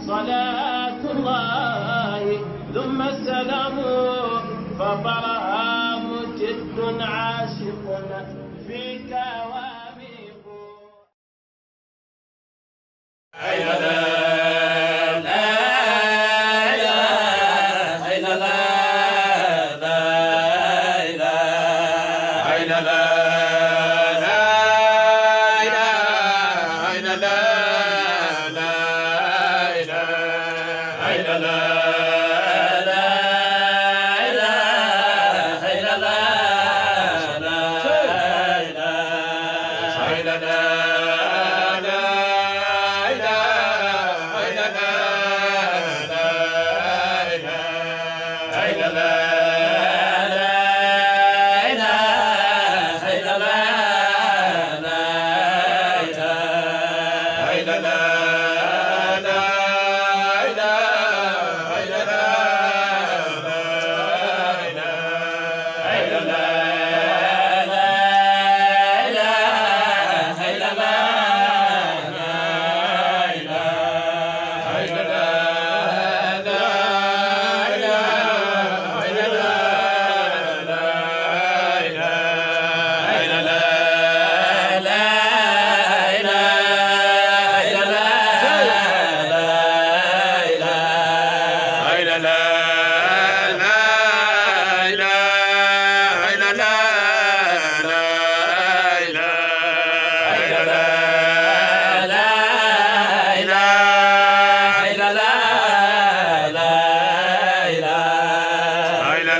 صلاة الله ثم السلام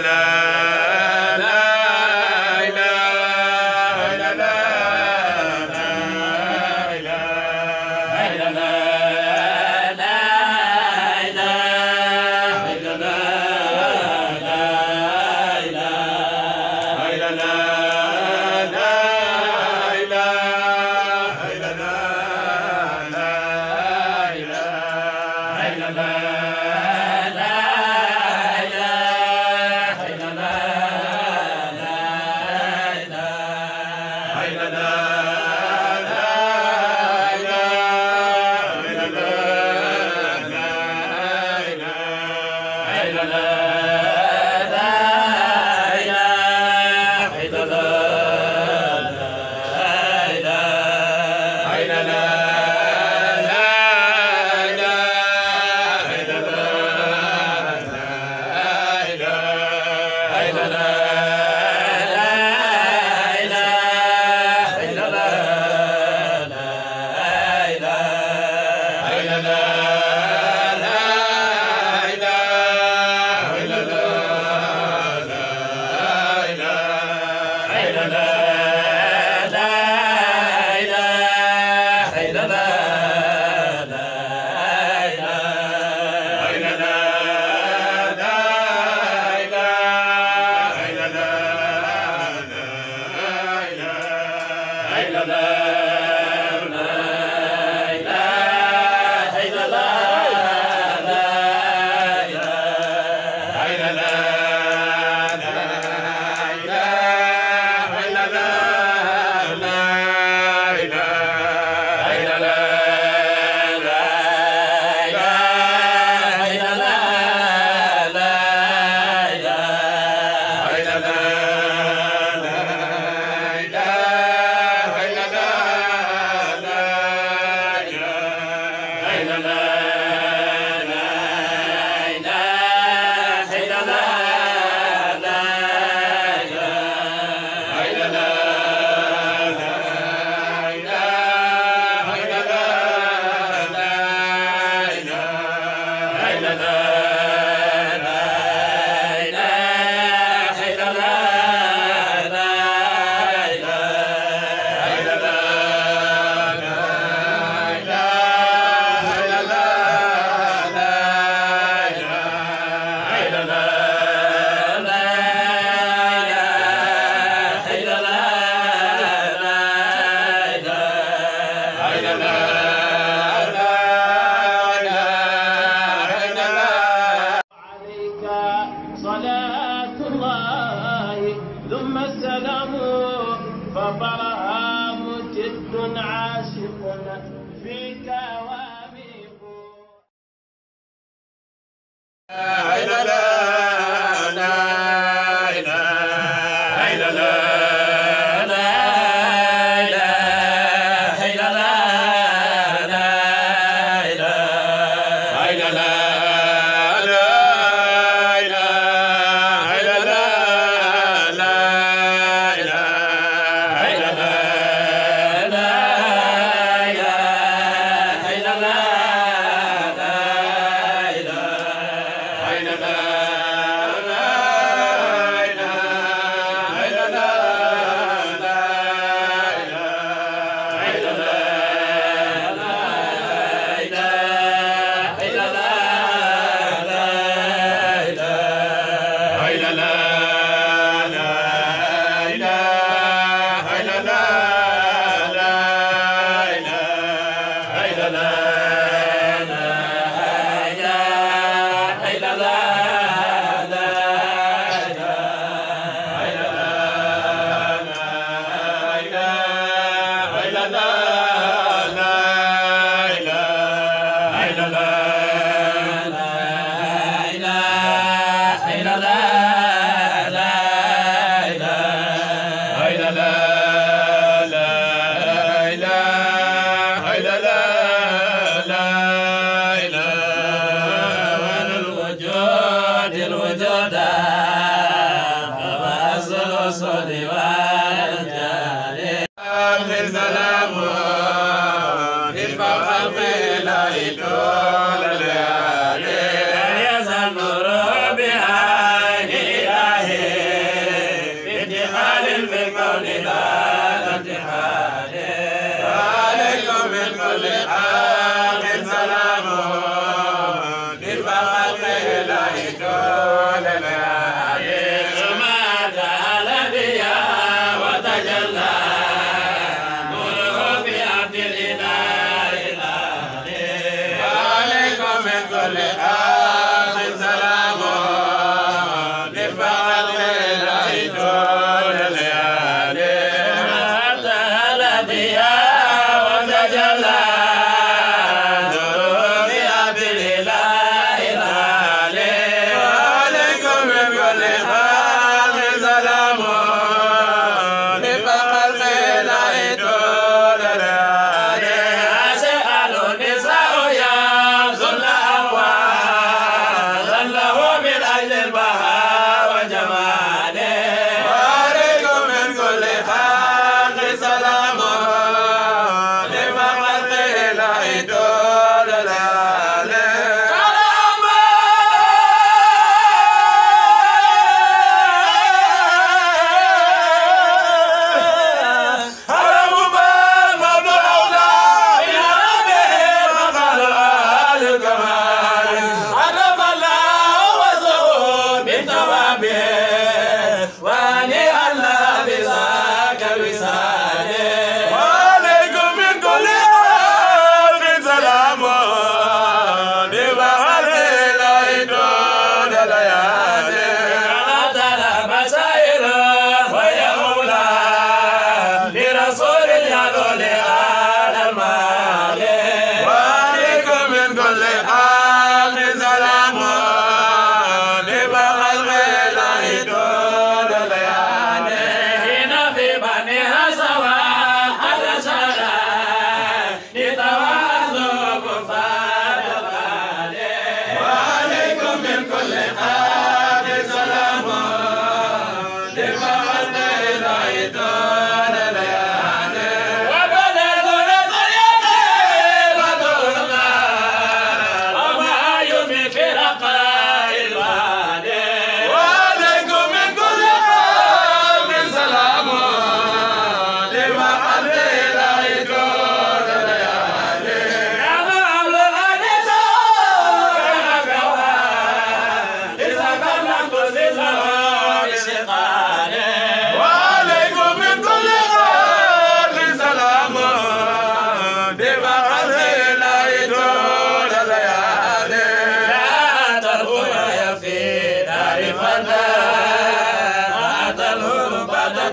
ala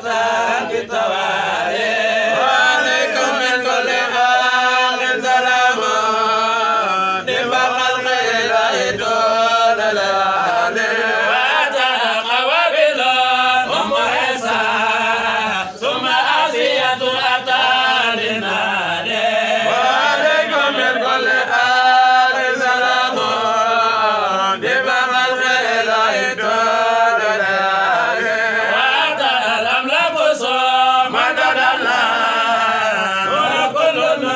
الأقدام بالتوالي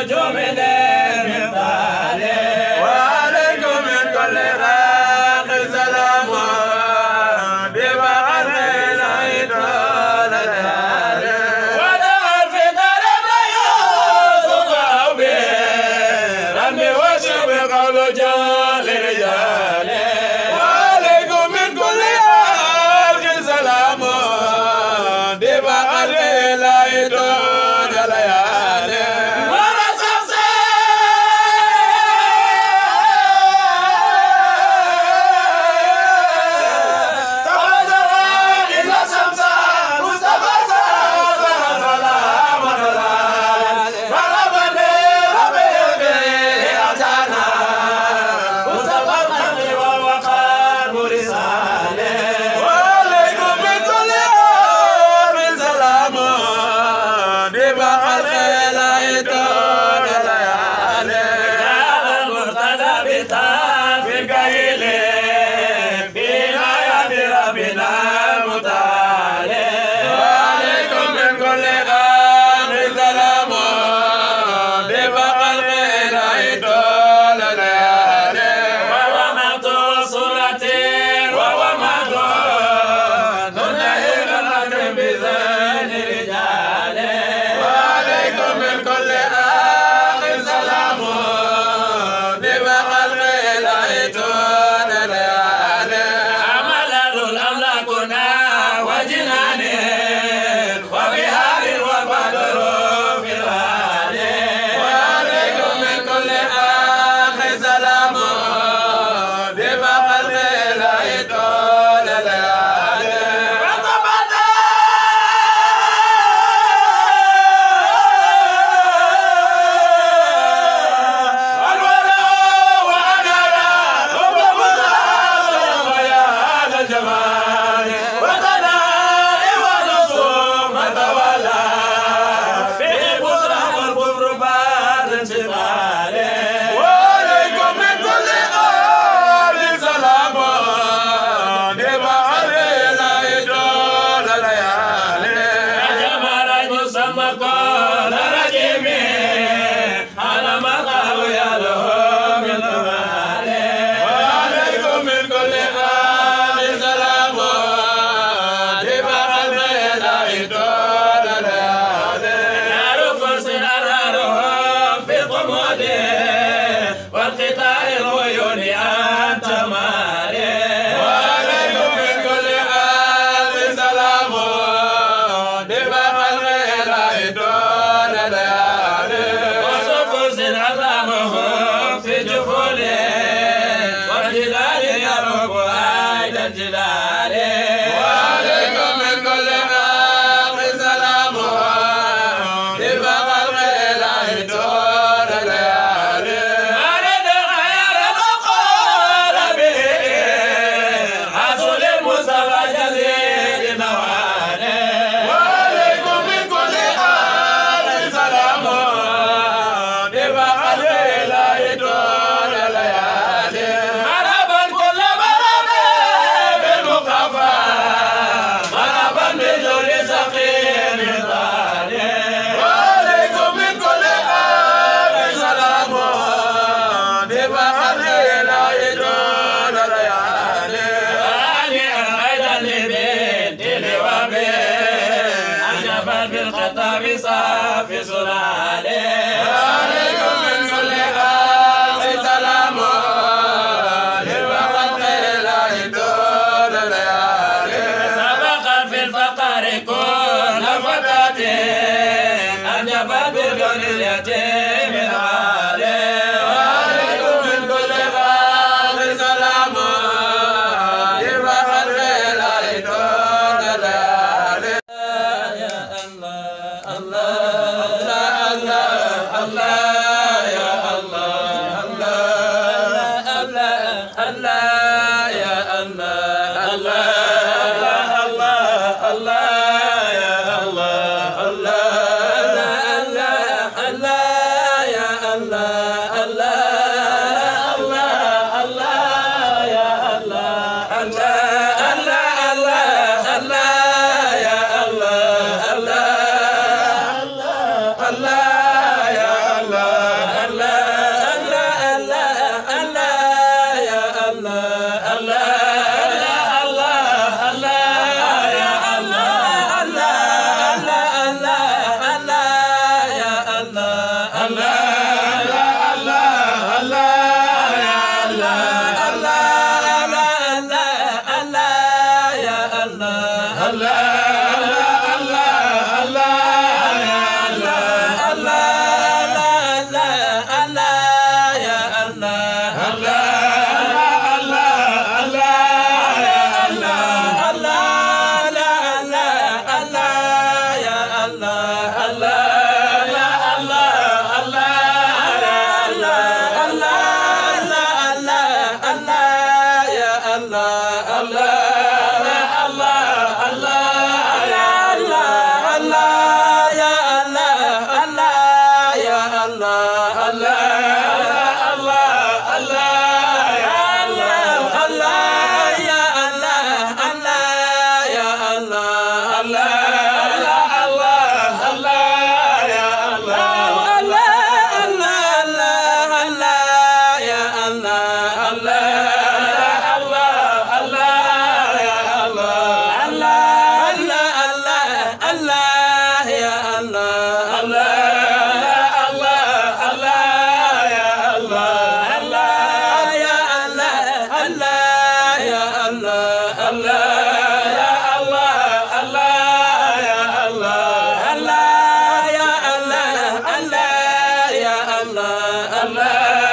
yo me Baba أجلى Allah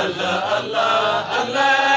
Allah Allah Allah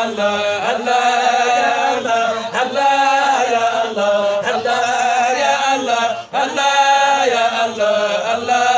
Allah